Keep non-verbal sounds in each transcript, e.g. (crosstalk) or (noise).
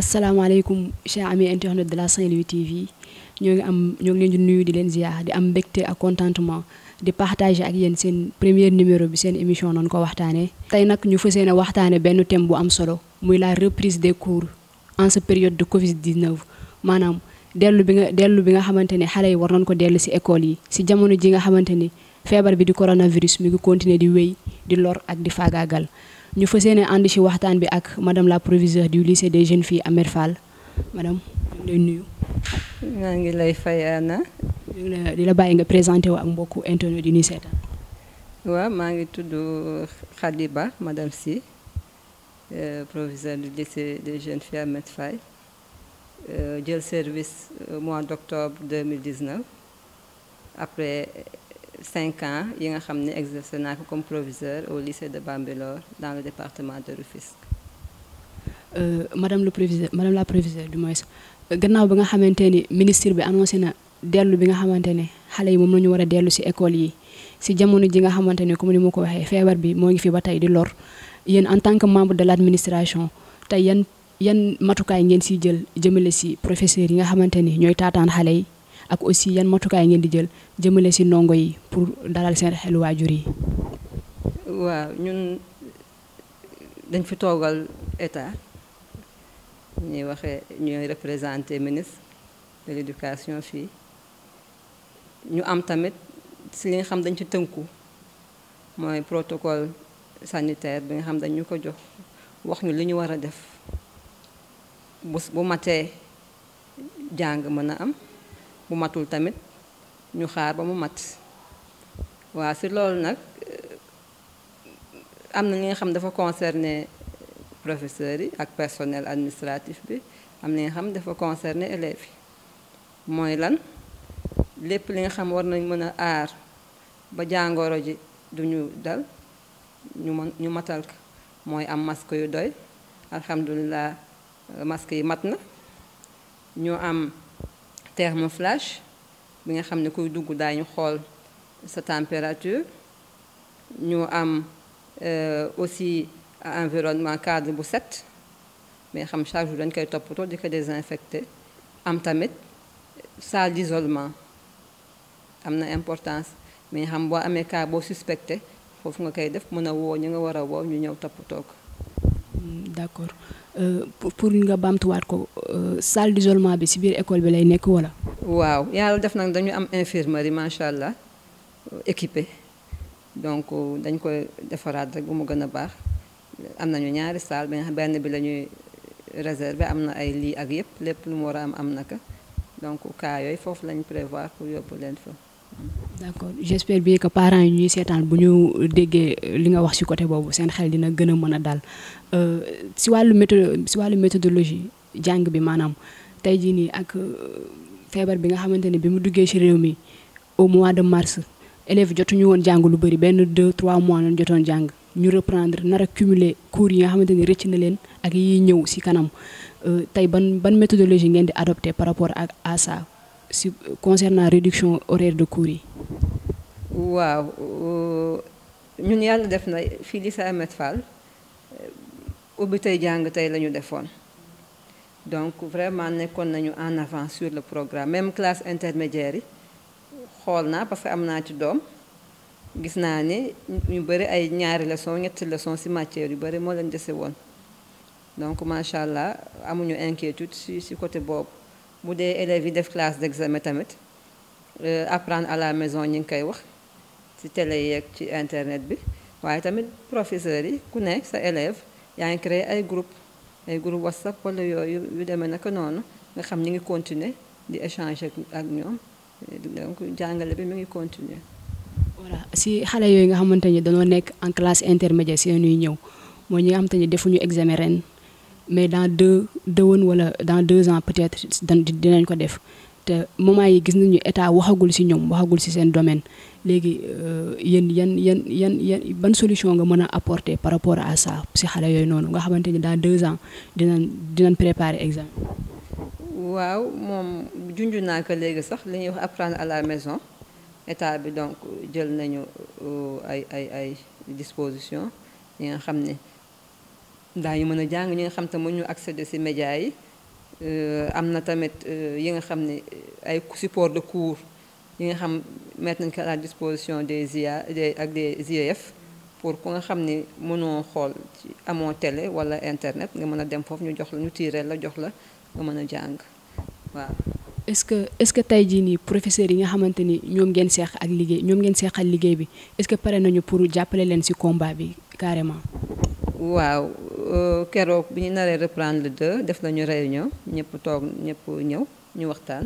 asalaamaaleykum chers amis internautes de la Saint-Louis TV ñoo ngi am ñoo ngi leen di nuyu di leen ziar di am mbégte a contentement di partager ak yéen seen premier numéro bi seen émission noonu ko waxtaanee. tey nag ñu fas yéene waxtaanee benn thème bu am solo muy la reprise des cours en cette période de Covid 19 maanaam dellu bi nga dellu bi nga xamante ne xale yi war nañ ko dellu si école yi si jamono ji nga xamante ni feebar bi di coronavirus mi ngi continuer di wéy di lor ak di faagaagal. Nous faisons un ànd ci waxtaan bi madame la proviseure du lycée des jeunes filles à Merfal. madame vous êtes lay nuyu. maa ngi lay fayaana. di la nga présenté beaucoup ak mbokku internet du lycée. seetaan. waaw maa ngi Sy euh, proviseure du lycée des jeunes filles à Amer Fall euh, le service au euh, mois d'octobre 2019 après. cinq ans yi nga xam ne exercé naa ko comme proviseur au lycée de Bambilor dans le département de Rufisque. Euh, madame la proviseur madame la proviseure du moins gannaaw bi nga xamante ni ministre bi annoncé na dellu bi nga xamante ne xale yi moom la ñu war a dellu ci école yi ci jamono ji nga xamante ne comme ni ma ko waxee feebar bi moo ngi fi ba tey di lor yéen en tant que membre de l'administration tey yan yan matukaay ngeen ciy jël jëmale ci professeurs yi nga xamante ni ñooy taataan xale yi. ak aussi yan matukaay ngeen di jël jëmale si ndongo yi pour daral seen xelu waajur yi. waaw ñun dañ fi toogal état ñuy waxee ñuy représenté ministre de éducation fii ñu am tamit si li nga xam dañ ci tënku mooy protocole sanitaire bi nga xam dañ ñu ko jox wax ñu li ñu war a def bu bu matee jàng mën a am. bu matul tamit ñu xaar ba mu mat waaw si loolu nag eh, am na li nga xam dafa concerner professeur yi ak personnel administratif bi am na li nga xam dafa concerner élèves yi mooy lan lépp li nga xam war nañ mën a aar ba jàngoro ji duñu dal ñu mën ñu matal ko mooy am masque yu doy alhamdulilah masque yi mat na ñu am thermoflash bi nga xamné sa température Nous avons euh, aussi un environnement cadre bu set mais xam chaque jour dañ koy Nous avons désinfecté am tamit salle d'isolement amna importance mais xam bo amé cas bo suspecté pour nga koy def mëna d'accord accord euh, pour nga baamtuwaat ko euh, salle d'isolement bi ci biir école bi lay nekk wala. waaw yàlla def nag dañu am infirmerie macha équipé donc euh, dañ koy defaraat rek bu mu gën a baax am nañu ñaari salle benn bi la ñuy réservé am na ay lii ak yëpp lépp lu mu war a am am naka donc cas yooyu foofu lañ prévoir pour yóbbu leen fa. d'accord j'espère bien que parents yi ñuy seetaan bu ñu déggee li nga wax ci côté boobu seen xel dina gën a mën a dal euh, ci wàllu méthode ci wàllu méthodologie jàng bi maanaam tey jii nii ak euh, feebar bi nga xamante ne bi mu duggee ci réew mi au mois de mars élèves jotuñu woon jàng lu bari benn deux trois mois lañ jotoon jàng ñu reprendre nara cumuler cours yi nga xamante ni rëcc na leen ak yiy ñëw si kanam euh, tey ban ban méthodologie ngeen di adopté par rapport ak à ça concernant la réduction horaire de cours Wow, euh, ñun yàlla def na fii Fall euh, ubbi tey jàng tey la ñu donc vraiment nous nañu en avance sur le programme même classe intermédiaire yi parce que am naa ci doom gis naa ne ñu bëri ay ñaari leçon ñetti leçon si matière yu bëri moo leen dese donc inquiétude sur ce côté boobu. bu dee élèves yi def classe d'examen tamit apprendre à la maison ñu ngi koy wax ci télé yeeg ci internet bi waaye tamit professeurs yi ku nekk sa élève yaa ngi créé ay groupe ay groupe whatsapp wala yooyu yu demee naka noonu nga xam ñu ngi continuer di échanger ak ñoom donc jàngale bi mu ngi continuer voilà si xale yooyu nga xamante ni dañoo nekk en classe intermédiaire si ñuy ñëw mooy ñi nga xamante ni defuñu examen ren mais dans deux déwén wala dans deux ans peut-être dinañ ko def te moment yi gis nañu état waxagul ci ñom waxagul ci sen domaine léegi euh, yéen yan yan yan yan ban solution nga mën apporter par rapport à ça ci xale yoy nonu nga xamanteni dans deux ans dinañ dinañ préparer examen. waaw mom junj naa ko léegi sax li ñuy wax apprendre à la maison état bi donc jël nañu euh, ay ay ay disposition yi nga xamné daa ñu mën a jàng ñi nga xam te mën ñu accéder ci média yi euh, am na tamit euh, yi nga xam ne euh, ay support de cours yi nga xam mettre nañ ko à disposition des IA des ak des IEF pour ku nga xam ni mënoo xool ci amoo télé wala internet nga mën a dem foofu ñu jox la ñu tiiree la jox la nga mën a jàng waaw. est-ce que est-ce que tey jii nii professeurs yi nga xamante ni ñoom ngeen seex ak liggéey ñoom ngeen seexal liggéey bi est-ce que pare nañu pour jàppale leen ci combat bi carrément. Euh, keroog bi ñu naree reprendre le def nañu réunion ñëpp toog ñëpp ñëw ñu waxtaan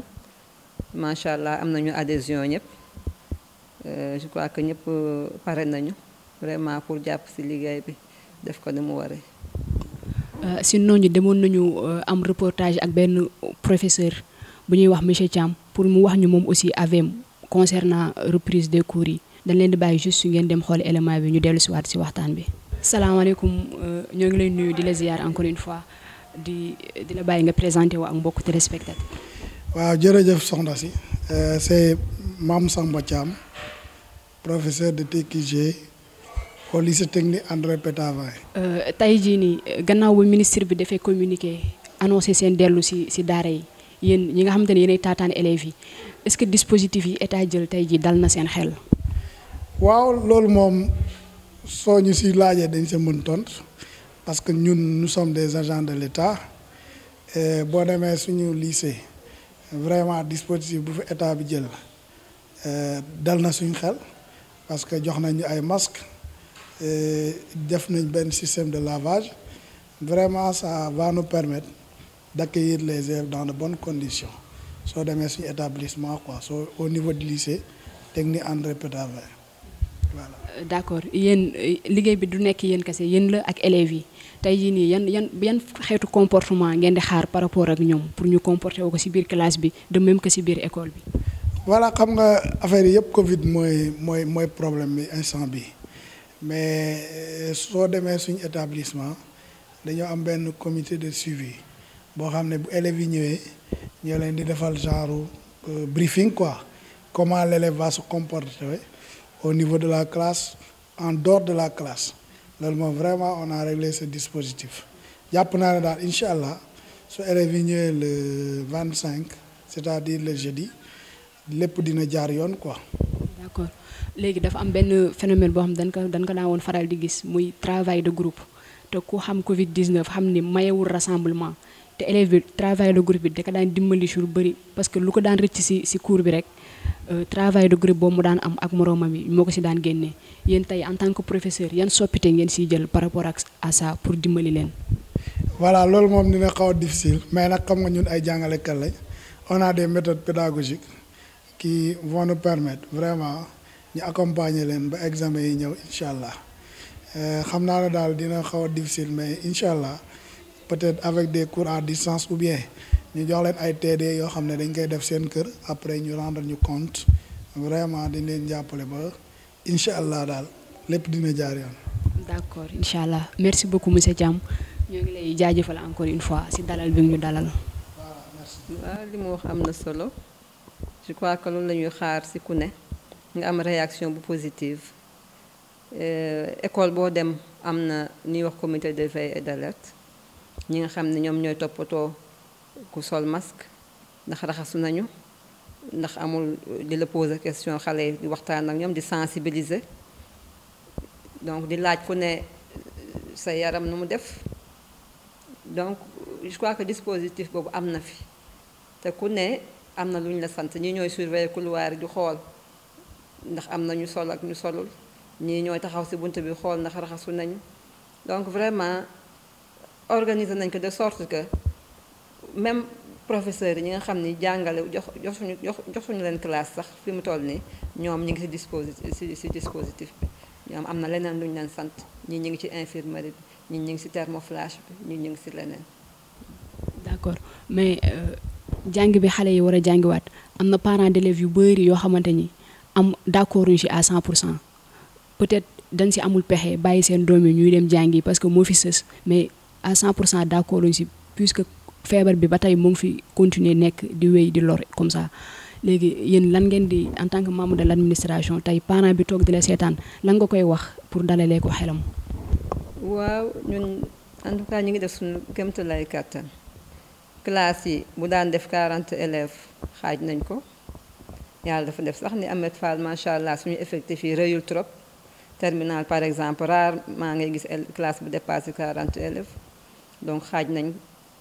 macha allah am nañu adhésion ñëpp euh, je crois que ñëpp euh, pare nañu vraiment pour jàpp ci liggéey bi def ko ni mu waree. si noonu demoon nañu am reportage ak benn professeur bu ñuy wax monsieur Thiam pour mu wax ñu moom aussi AVM concernant reprise de cours yi dañ leen di bàyyi juste su ngeen dem xool élément bi ñu dellu si waat si waxtaan bi. salaamaaleykum euh, ñoo ngi lay nuyu di la ziar encore une fois di di la bàyyi nga présenté wu ak mbokk téléspectateur. waaw jërëjëf soxna si euh, c'est Mame Samba Cham, professeur de TQG au lycée technique André Pétavin. Euh, tey jii nii gannaaw bu ministre bi dafay communiqué annoncé seen dellu si si daara yi yéen ñi nga xamante ne yéenay taataan élèves yi est-ce que dispositif yi état jël tey jii dal na seen xel. waaw loolu moom parce que nous sommes des agents de l'État Nous sommes suñu lycée vraiment dispositif pour l'État état bi jël euh, parce que nous avons des masques et un système de lavage vraiment ça va nous permettre d'accueillir les élèves dans de bonnes conditions Nous sommes suñu établissement au niveau du lycée nous André Pétavin voilà. Euh, d'accord yeen euh, liguey bi du nek yeen kasse yeen la ak élèves yi tay yi ni yeen yeen yan xeetu comportement ngeen di xaar par rapport ak ñom pour ñu comporter wu ko ci biir classe bi de même que si biir école bi. voilà xam nga affaire yi Covid moy moy moy problème bi instant bi mais euh, so demee suñ établissement dañu am benn comité de suivi bo xamné bu élève yi ñëwee ñoo leen di defal genre briefing quoi comment l'élève va se comporter au niveau de la classe, en dehors de la classe. loolu vraiment on a réglé ce dispositif il y a pour nous élèves yi le 25 c'est-à-dire le jeudi lépp dina jaar quoi. d'accord léegi dafa am un phénomène boo xam dañ ko dañ ko daan faral di travail de groupe te ku xam Covid 19 xam ni mayewul rassemblement te élèves travaillent travail de groupe bi da ko daan dimbali sur lu parce que le ko daan rëcc ci ci cours bi euh, travail de groupe boobu mu daan am ak moroomam yi moo ko en tant que professeur qu'est-ce soppite ngeen siy djel par rapport à ça pour dimbali len voilà c'est moom dina xaw difficile mais nak xam nga ñun ay jàngalekat lay on a des méthodes pédagogiques qui vont nous permettre vraiment ñu accompagner len ba examen yi ñew inshallah euh xam naa ne dina xaw difficile mais inshallah peut-être avec des cours à distance ou bien. ñu jox ay TD yoo xam ne dañ koy def seen kër après ñu rendre ñu compte vraiment dañ leen jàppale ba incha allah daal lépp dina jaar yoon. d'accord incha allah merci beaucoup monsieur Thiam ñoo ngi lay jaajëfal encore une fois si dalal bi ñu dalal. waaw li mu wax am na solo je crois que loolu la xaar ci ku ne nga am réaction bu positive euh, école boo dem am na ñuy wax comité de veille et d'alerte ñi nga xam ne ñoom ñooy toppatoo. ku sol masque ndax raxasu nañu ndax amul di la poser question xale di waxtaan ak ñoom di sensibiliser donc di laaj ku ne sa yaram nu mu def donc je crois que dispositif boobu am na fi te ku ne am na lu ñu la sant ñi ñooy surveiller couloir di xool ndax am na ñu sol ak ñu solul ñi ñooy taxaw ci bunt bi xool ndax raxasu nañu donc vraiment organiser nañ ko de sorte que même professeur yi ñi nga xam ni jàngale jox jox suñu jox jox leen classe sax fi mu toll nii ñoom ñu ngi ci dispositif ci ci dispositif bi ñoom am na leneen lu ñu leen sant ñii ñu ngi ci infirmerie bi ñii ñu ngi ci thermoflash bi ñii ñu ngi ci leneen. d'accord mais euh, jàng bi xale yi war a jàngiwaat am na parents d'élèves yu bari yoo xamante ni am d'accord ñu ci à 100 pour cent peut-être dañ ci amul pexe bàyyi seen doom yi ñuy dem jàngi parce que moo fi sës mais à 100 pour cent d ñu ci puisque. feebar bi ba tey mu ngi fi continuer nekk di wéy di lor comme ça léegi yéen lan ngeen di en tant que membre de l' administration tey parent bi toog di la seetaan lan nga koy wax pour dalalee ko xelam. waaw ñun en tout cas ñu ngi def suñu kéemtalaay kàttan classe yi bu daan def 40 élèves xaaj nañ ko yàlla dafa def sax ni Ameth Fall macha allah suñu effectif yi rëyul trop terminal par exemple maa ngay gis classe bu dépassé 40 élèves donc xaaj nañ.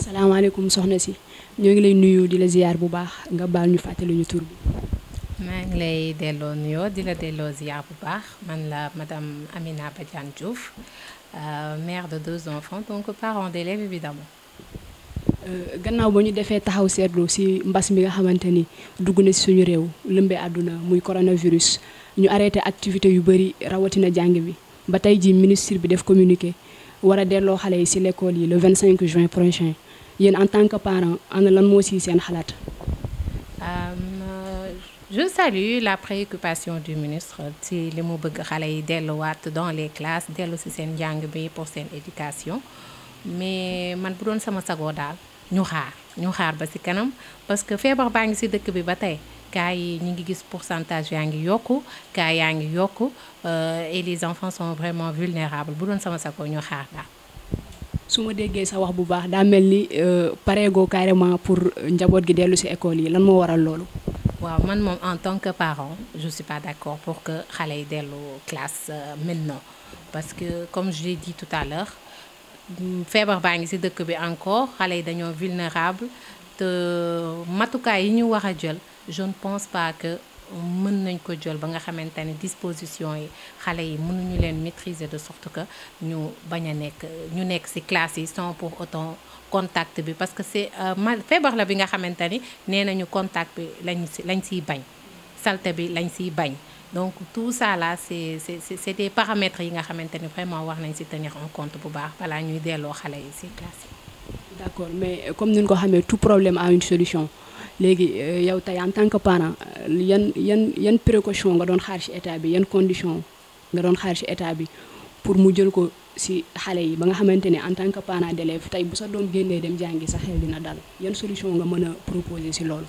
salaamaaleykum soxna si ñoo ngi lay nuyu di la ziyaar bu baax nga baal ñu fàttali ñu tur bi. maa ngi lay delloo nuyoo dina la delloo ziyaar bu baax man la madame Amina Badiane Diouf euh, mère de deux enfants donc parent d'élèves évidemment euh, gannaaw ba ñu defee taxaw seetlu ci mbas mi nga xamante ni dugg na ci suñu réew lëmbee àdduna muy coronavirus ñu arrêté activité yu bari rawatina jàng bi ba tey ji ministre bi def communiqué wara a xalé xale yi si l'école yi le 25 juin prochain yéen en tant que parent ana lan moo si seen xalaat. Euh, je salue la préoccupation du ministre ci li mu bëgg yi dans les classes dellu si seen njàng bi pour seen éducation mais man bu doon sama sagoo daal ñu xaar ñu xaar ba kanam parce que faire des ngi c'est bi ba cas ni ñu ngi gis pourcentage yaa ngi yokku cas yaa ngi yokku euh, et les enfants sont vraiment vulnérables bu doon sama sakoo ñu xaar daal. su ma déggee sa wax bu baax daa mel ni euh, pareegoo carrément pour njaboot gi dellu ci école yi lan moo waral loolu. waaw man moom en tant que parent je suis pas d'accord pour que xale yi dellu classe euh, maintenant parce que comme je l'ai dit tout à l'heure feebar baa ngi ci dëkk bi encore xale yi dañoo vulnérable te matuka yi ñu war jël je ne pense pas que mën nañ ko jël ba nga xamante ne disposition yi xale yi mënuñu leen maîtriser de sorte que ñu bañ a nekk ñu nekk ci classe yi sans pour autant contact bi parce que c'est euh, mal feebar la bi nga xamante ni nee nañu contact bi lañ ci lañ ciy bañ salte bi lañ ciy bañ donc tout ça là c'est c'est c'est des paramètres yi nga xamante ni vraiment war nañ ci tenir en compte bu baax balaa ñuy delloo xale yi ci classe yi d' accord mais euh, comme ni ñu ko tout problème a une solution léegi euh, yow tey en tant que parent euh, yan yan yan précaution nga doon xaar ci état bi yan condition nga doon xaar ci état bi pour mu jël ko ci xale yi ba nga xamante ne en tant que parent d'élève tey bu sa doom génnee dem jàngi sa xel dina dal yan solution nga mën a proposer ci loolu.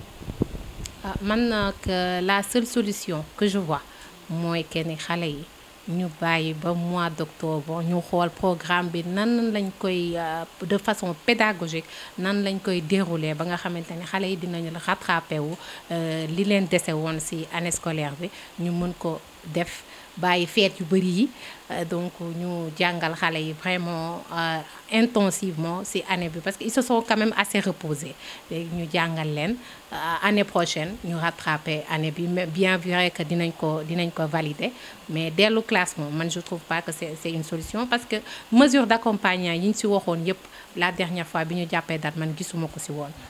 ah man nag la seule solution que je vois mooy kenn xale yi ñu bàyyi ba mois d'octobre ñu xool programme bi nan lañ koy euh, de façon pédagogique nan lañ koy dérouler ba nga xamante ni xale yi dinañu rattrapé wu euh, li leen dese woon ci année scolaire bi ñu mën ko def baye fête yu bruit, euh, donc nous jàngal vraiment euh, intensivement ces année bi parce qu'ils se sont quand même assez reposés Nous ñu jàngal euh, année prochaine nous rattraper année bi mais bien vrai que dinañ ko dinañ ko valider mais le classement man je trouve pas que c'est une solution parce que mesure d'accompagnement yi ci la dernière fois bi ñu jappé date man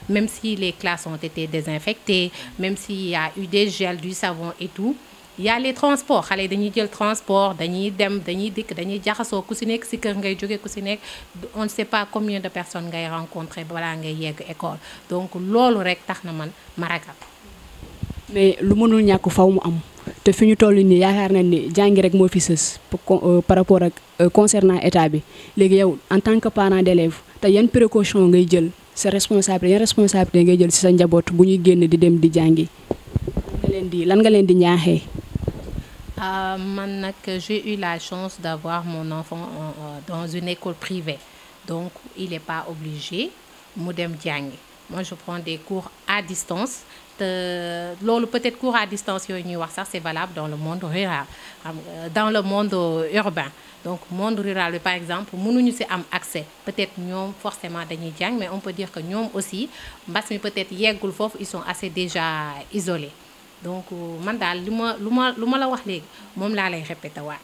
même si les classes ont été désinfectées même s'il y a eu des gels du savon et tout y a les transports xalé dañuy jël transport dañuy dem dañuy dik dañuy jaxaso ku si nekk si kër ngay jóge ku si nekk on ne sait pas combien de personnes ngay rencontrer balaa ngay yegg école donc loolu rek taxna man ma mais lu mënul ñak faw mu am te fiñu tollu ni yaakar yaakaar nañ ni jangi rek mo fi sës euh, par rapport ak euh, concernant état bi légui yow en tant que parent d'élève te yeen précaution ngay jël c'est responsabilité yan responsabilité ngay jël ci sa njabot bu ñuy génn di dem di jangi lan nga di lan nga leen di ñaaxee euh, j'ai eu la chance d'avoir mon enfant dans une école privée donc il n'est pas obligé moi je prends des cours à distance Peut-être peut-être cours à distance c'est valable dans le monde rural euh, dans le monde euh, urbain donc monde rural par exemple nous ci accès peut-être nous, forcément dañuy mais on peut dire que nous aussi parce peut-être ils sont assez déjà isolés donc euh, man daal li ma lu ma lu ma la wax léegi moom laa lay répété waat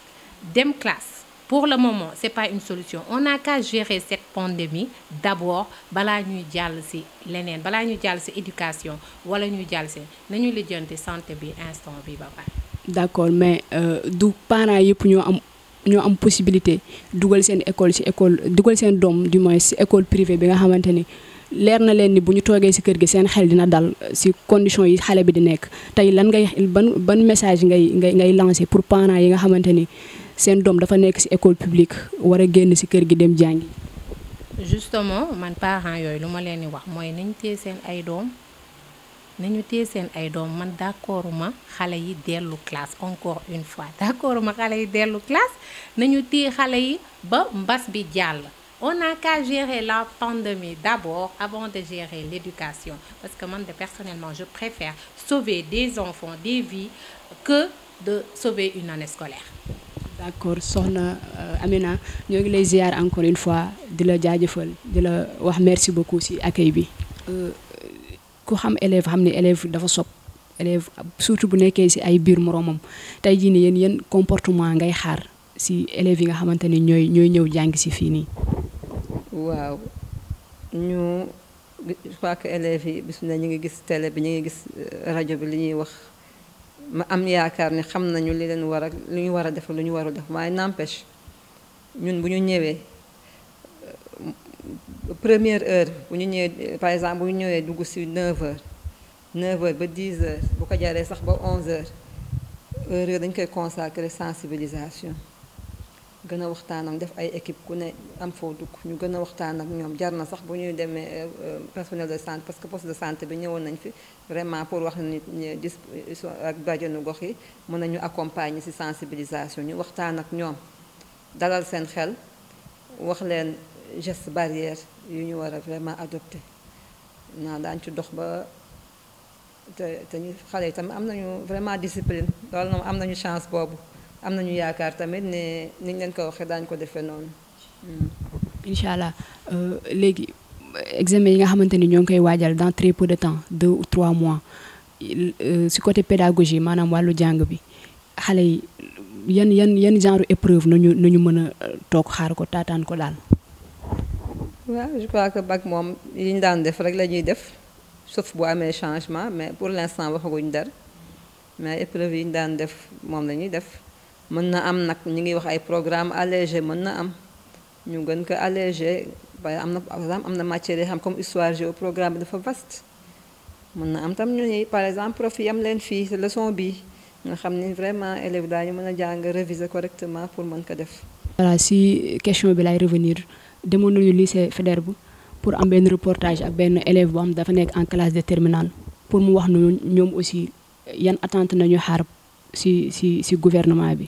dem classe pour le moment c'est pas une solution on a qu'à gérer cette pandémie d'abord balaa ñuy jàll ci leneen balaa ñuy jàll ci éducation wala ñuy jàll ci nañu lijjanti santé bi instant bi ba pare. d'accord mais euh, du parents yëpp ñoo am ñoo am possibilité dugal seen école ci école dugal seen doom du moins ci école privée bi nga xamante ni leer na leen ni bu ñu toogee si kër gi seen xel dina dal euh, si condition yi xale bi di nekk tey lan ngay ban ban message ngay ngay ngay lancer pour parents yi nga xamante ni seen doom dafa nekk si école publique war a génn si kër gi dem jàngi. justement man parents yooyu lu ma leen di wax mooy nañu téye seen ay doom nañu téye seen ay doom man d'accord ma xale yi dellu classe encore une fois (laughs) d'accord ma xale yi dellu classe nañu téye xale yi ba mbas bi jàll. On n'a qu'à gérer la pandémie d'abord avant de gérer l'éducation. Parce que moi, personnellement, je préfère sauver des enfants, des vies, que de sauver une année scolaire. d'accord Sohna, euh, Amina encore une fois de la merci beaucoup aussi accueil euh, surtout les comportement élèves nga waaw ñu je crois que élèves yi bis na ñu ngi gis télé bi ñu ngi gis rajo bi li ñuy wax ma am yaakaar ni xam nañu li leen war ak lu ñu war a def lu ñu warul def waaye n'empêche ñun bu ñu ñëwee première heure bu ñu ñëwee par exemple bu ñu ñëwee dugg si 9h 9h ba 10h bu ko jaree sax ba 11h heure dañ koy consacrer sensibilisation gën a waxtaanam def ay équipe ku ne am foo dugg ñu gën a waxtaan ak ñoom jar na sax bu ñuy demee euh, euh, personnel de santé parce que poste de santé bi ñëwoon nañ fi vraiment pour wax nit ñi dis ak bajenu gox yi mën nañu accompagner ci sensibilisation ñu waxtaan ak ñoom dalal seen xel wax leen gest barrière yu ñu war a vraiment adopté naa daañ ci dox ba te te ñu xale yi tamit am nañu vraiment discipline loolu am nañu chance boobu am nañu yaakaar tamit ne niñ ñu leen ko waxee daañu ko defee noonu. Hmm. incha allah euh, léegi examen yi nga xamante ni ñoo ngi koy waajal dans très peu de temps deux ou trois mois euh, si côté pédagogie maanaam wàllu jàng bi xale yi yan yan yan genre épreuve nañu nañu mën a euh, toog xaar ko taataan ko daal. waaw je crois que bac moom yi ñu daan def rek la ñuy def sauf bu amee changement mais pour l'instant waxaguñ dara mais épreuve yi ñu daan def moom la ñuy def mën na am nak ñi ngi wax ay programme allégé mën na am ñu gën ko allégé waaye amna par exemple am matière xam comme histoire géo programme dafa vaste mën na am tam ñu par exemple prof yam am leen fii leçon bi nga xam ni vraiment élève daañu mën a jàng réviser correctement pour mën ko def voilà si question bi lay revenir demoon ñu lycée Faidherbe pour am ben reportage ak ben élève bu am dafa nekk en classe de terminale pour mu wax nu ñoom aussi yan attente nañu xaar si si si gouvernement bi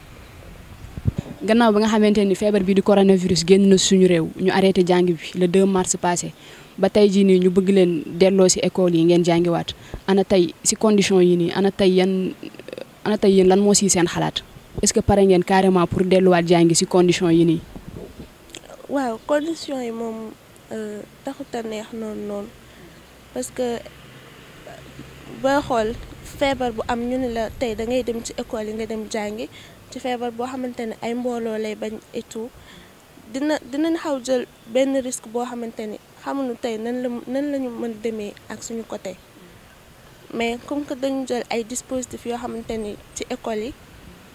gannaaw ba nga xamante ni feebar bii di coronavirus génn na suñu réew ñu arrêté jàng bi le 2 mars passé ba tey jii nii ñu bëgg leen delloo ci école yi ngeen jàngiwaat ana tey si condition yi nii ana tey yan ana tey yéen lan moo si seen xalaat est-ce que pare ngeen carrément pour delluwaat jàngi si condition yi nii. waaw condition yi moom euh, taxut a neex noonu noonu parce que xool feebar bu am ñu ne la tey da ngay dem ci école yi nga dem jàngi. ci feebar boo xamante ne ay mbooloo lay bañ et tout dina dinañ xaw jël benn risque boo xamante ni nu tey nan la nan la ñu mën demee ak suñu côté mais comme que dañu jël ay dispositifs yoo xamante ni ci école yi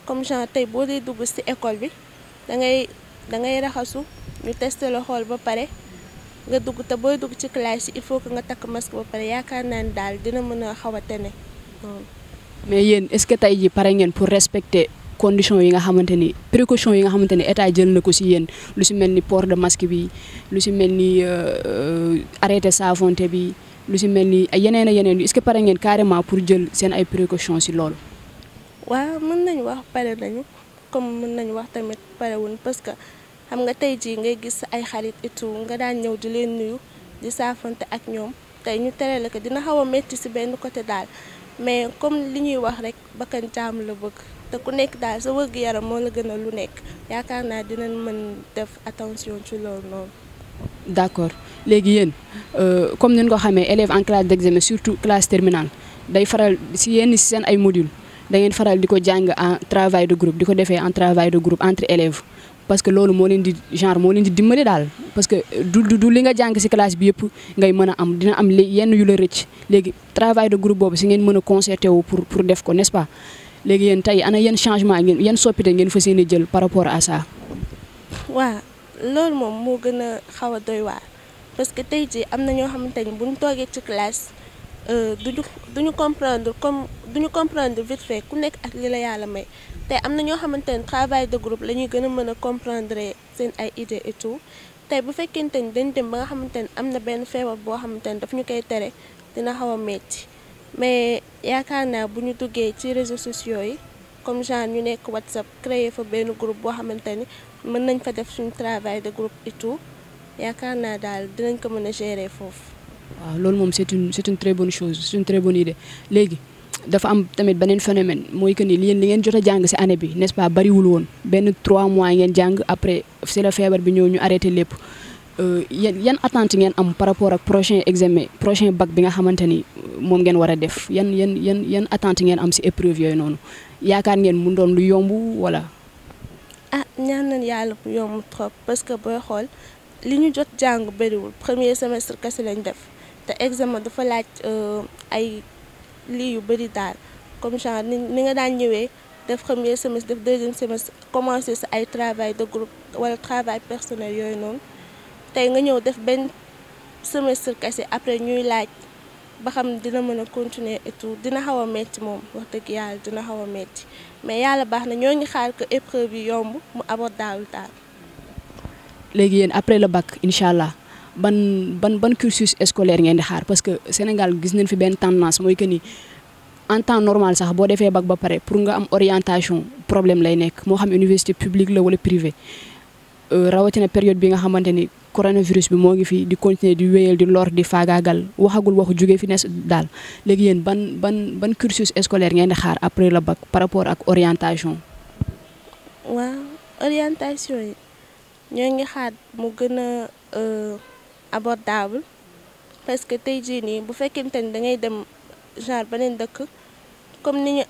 comme genre tey boo dee dugg ci école bi da ngay da ngay raxasu ñu testé la xool ba pare nga dugg te booy dugg ci classe yi il faut que nga takk masque ba pare yaakaar naa ni daal dina mën a xaw tene mais yéen est-ce que tey ji pare ngeen pour respecter. condition yi nga xamante ni précaution yi nga xamante ni état jël na ko si yéen lu si mel ni port de masque bi lu si mel ni euh, euh, arrêté saafonte bi lu si mel ni ay yeneen a yeneen est-ce que pare ngeen carrément pour jël seen ay précaution si loolu. waaw mën nañu wax pare nañu comme mën nañu wax tamit pare wuñ parce que xam nga tey jii ngay gis ay xarit et nga daan ñëw di leen nuyu di saafonte ak ñoom tey ñu tere la ko dina xaw a métti si benn côté daal. mais comme li ñuy wax rek bakkan jaam la bëgg te ku nekk daal sa wëgg yaram moo la gën a lu nekk yaakaar naa dinañ mën def attention ci loolu noonu. d'accord léegi yéen euh, comme ni nga ko xamee élèves en classe d'examen surtout classe terminale day faral si yenn si seen ay module da ngeen faral di ko jàng en travail de groupe di ko defee en travail de groupe entre élèves parce que loolu moo leen di genre moo leen di dimbali daal parce que du du li nga jàng ci classe bi yëpp ngay mën a am dina am yenn yu la rëcc léegi travail de groupe boobu ci ngeen mën a concerté wu pour pour def ko n'est-ce pas yéen tey ana yenn changement ngeen yenn soppite ngeen fas yéene jël par rapport à ça. waaw moom moo gën a xaw a doy waar parce que tey jii am na ñoo xamante ni bu ñu toogee ci classe euh, duñu duñu comprendre comme duñu comprendre vite ku nekk ak li la yàlla may. te am na ñoo xamante ne travail de groupe la ñuy gën a mën a comprendre seen ay idée et tout tey bu fekkente ni dañ dem ba nga xamante ne am na benn feebar boo xamante ne daf ñu koy tere dina xaw a metti mais yaakaar naa bu ñu duggee ci réseau sociaux yi comme genre ñu nekk WhatsApp créer fa benn groupe boo xamante ni mën nañ fa def suñu travail de groupe et yaakaar naa daal dinañ ko mën a gérer foofu. waaw loolu moom c'est une c'est une très bonne chose c'est une léegi. dafa am tamit beneen phénomène mooy que ni yéen li ngeen jot jàng si année bi nest pas bariwul woon benn trois mois ngeen jàng après si la feebar bi ñëw ñu arrêté lépp euh, yan yan attente ngeen am par rapport ak prochain examen prochain bac bi nga xamante ni euh, moom ngeen war a def yan yan yan yan attente ngeen am si épreuve yooyu noonu yaakaar ngeen mu doon lu yomb wala. ah ñaan nañ yàlla yomb trop parce que booy xool li ñu jot jàng bariwul premier semestre kese lañ def te examen dafa laaj euh, ay. li yu bëri daal comme genre ni nga daan ñëwee def premier semestre def deuxième semestre commencé sa ay travail de groupe wala travail personnel yoy non tay nga ñëw def ben semestre cassé après ñuy laaj ba xam dina mëna continuer et tout dina xawa metti mom wax dëgg yalla dina xawa metti mais yalla baxna ñoo ngi xaar que épreuve yi yomb mu abordable daal. légui yéen après le bac inshallah ban ban ban cursus scolaire ngeen di xaar parce que Sénégal gis nañ fi benn tendance mooy que ni en temps normal sax boo defee bac ba pare pour nga am orientation problème lay nekk moo xam université publique la wala privé euh, rawatina période bi nga xamante ni coronavirus bi moo ngi fi di continuer di wéyal di lor di faagaagal waxagul waxu jóge fi ne daal léegi yéen ban ban ban cursus scolaire ngeen di xaar après le bac par rapport ak orientation. waaw orientation abordable parce que tey jii nii bu fekkente ni da ngay dem genre beneen dëkk comme ni ñu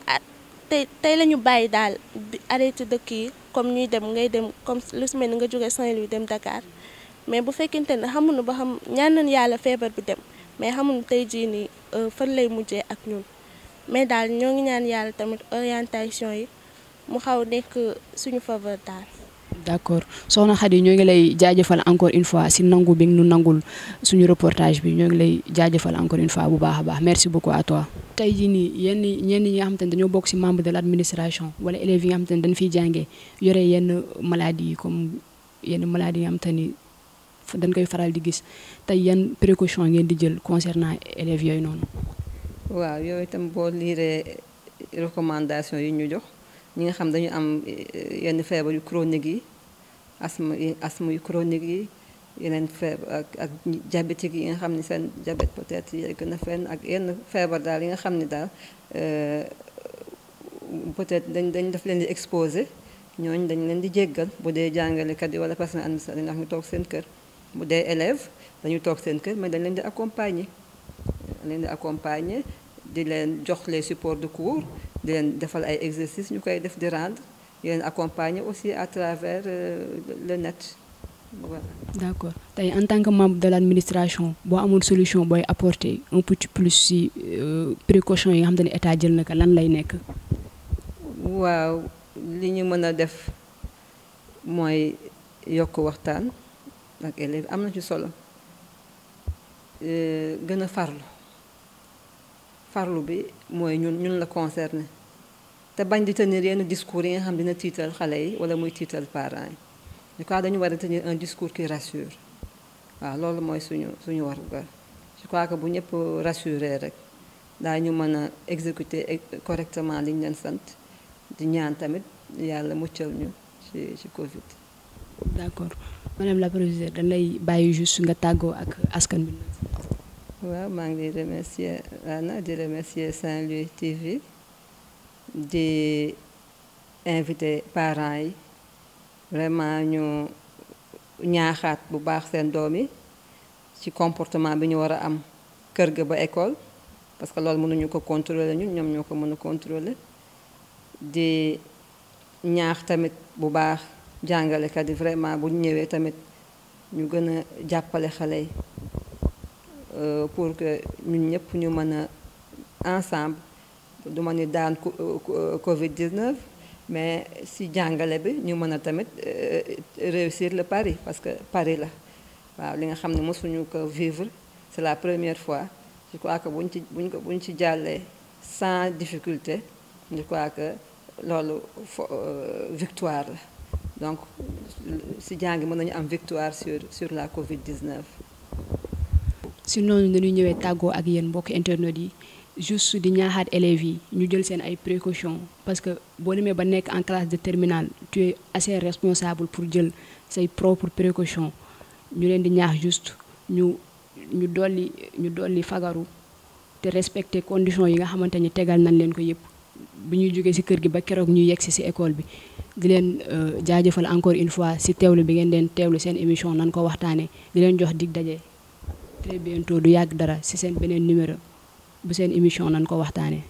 tey tey la ñu bàyyi daal di arrêté dëkk yi comme ñuy dem ngay dem comme lu si mel ni nga jóge Saint-Louis dem Dakar mais bu fekkente ne xamuñu ba xam ñaan yàlla feebar bi dem mais xamuñu tey jii nii euh, fan lay mujjee ak ñun mais daal ñoo ngi ñaan yàlla tamit orientation yi mu xaw nekk suñu faveur daal. d' accord soxna Khady ñoo ngi lay jaajëfal encore une fois si nangu bi nu nangul suñu reportage bi ñoo ngi lay jaajëfal encore une fois bu baax a baax merci beaucoup à toi. tey jii nii yenn ñenn ñi nga xamante ne dañoo bokk si membre de l' administration wala élèves yi nga xamante ne dañu fiy jàngee yore yenn maladies yi comme yenn maladies yi nga xamante ni dañ koy faral di gis tey yan précaution ngeen di jël concernant élèves yooyu noonu. waaw yow itam boo liiree recommandation yi ñu jox. ñi nga xam dañu am yenn feebar yu chronique yi asthme asthme yu chronique yi yeneen feebar ak ak diabétique yi nga xam ni seen diabète peut-être yi gën a fenn ak yenn feebar daal yi nga xam ni daal peut-être dañ dañ daf leen di exposé ñooñu dañ leen di jéggal bu dee jàngalekat yi wala personnel administratif dañu ñu toog seen kër bu dee élève dañu toog seen kër mais dañ leen di accompagner dañ leen di accompagner di leen jox les supports de cours di leen defal ay exercices ñu koy def di rendre di leen aussi à travers euh, le net voilà. d' accord tey en tant que membre de l'administration, administration boo amoon solution booy apporter un petit plus si euh, précaution yi nga xam ne état jël na ko lan lay nekk. waaw li ñu mën a def mooy yokk waxtaan ak élèves am na ci solo euh, gën a farlu farlu bi mooy ñun ñun la concerné te bañ di tenir yenn discours yi nga xam dina tiital xale yi wala muy tiital parents yi en tout dañu wara tenir un discours qui rassure waaw loolu mooy suñu suñu warugar je crois que bu ñëpp rassuré rek daañu mën a exécuter correctement liñ leen sant di ñaan tamit yàlla muccal ñu ci ci Covid. d' accord madame la présidente dañ lay bàyyi juste nga tàggoo ak askan bi. waaw maa ngi lay remercier Anna di remercier Saint-Louis TV. di invité parent yi vraiment ñu ñaaxaat bu baax seen doom yi ci comportement bi ñu war a am kër gi ba école parce que loolu mënuñu ko contrôler ñu ñoom ñoo ko mën a contrôler di ñaax tamit bu baax jàngalekat yi vraiment bu ñëwee tamit ñu gën a jàppale xale yi euh, pour que ñun ñëpp ñu mën a ensemble duma ni la Covid 19 mais si nous bi ñu euh, réussir le pari parce que pari là, waaw li nga vivre c'est la première fois je crois que buñ ci buñ ko sans difficulté je crois que c'est euh, une victoire donc si nous mën nañu am victoire sur sur la Covid 19. si nous dañuy ñëwee tàggoo ak yéen mbokk internet yi juste di ñaaxaat élèves yi ñu jël seen ay précautions parce que bo demee ba nek en classe de terminale tu es assez responsable pour jël say propres précautions ñu leen di ñaax juste ñu ñu doli ñu doli fagaru te respecter conditions yi nga xamanteni tégal nañ leen ko yépp bi ñuy jógee ci kër gi ba kérok ñu yegg ci école bi di leen euh, jaajëfal encore une fois ci tewlu bi ngeen leen tewlu seen émission nan ko waxtaanee di leen jox dig dajé très bientôt du yag dara ci seen benen numéro. bu seen émission nañ ko waxtaanee.